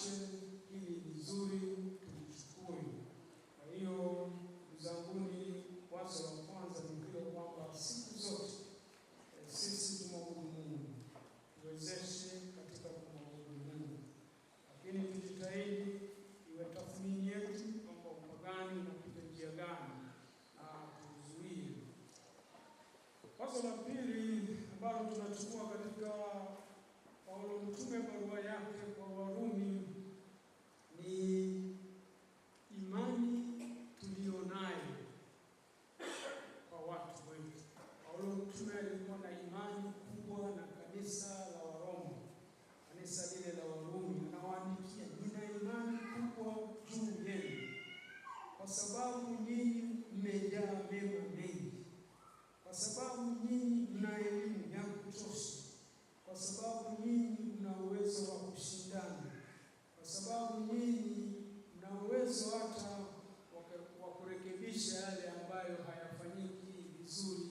action hili ni zuri, Kwa hiyo ndugu zanguni, wazo la kwanza ni vile kwamba siku zote sisi tumwabudu Mungu, tuwezeshe katika kumwabudu Mungu, lakini tujitahidi iwe tathmini yetu kwamba upagani unapita njia gani na tuzuie. Wazo la pili ambalo tunachukua katika Paulo mtume barua yake kwa Warumi kuchosa, kwa sababu nyinyi mna uwezo wa kushindana, kwa sababu nyinyi mna uwezo hata wa kurekebisha yale ambayo hayafanyiki vizuri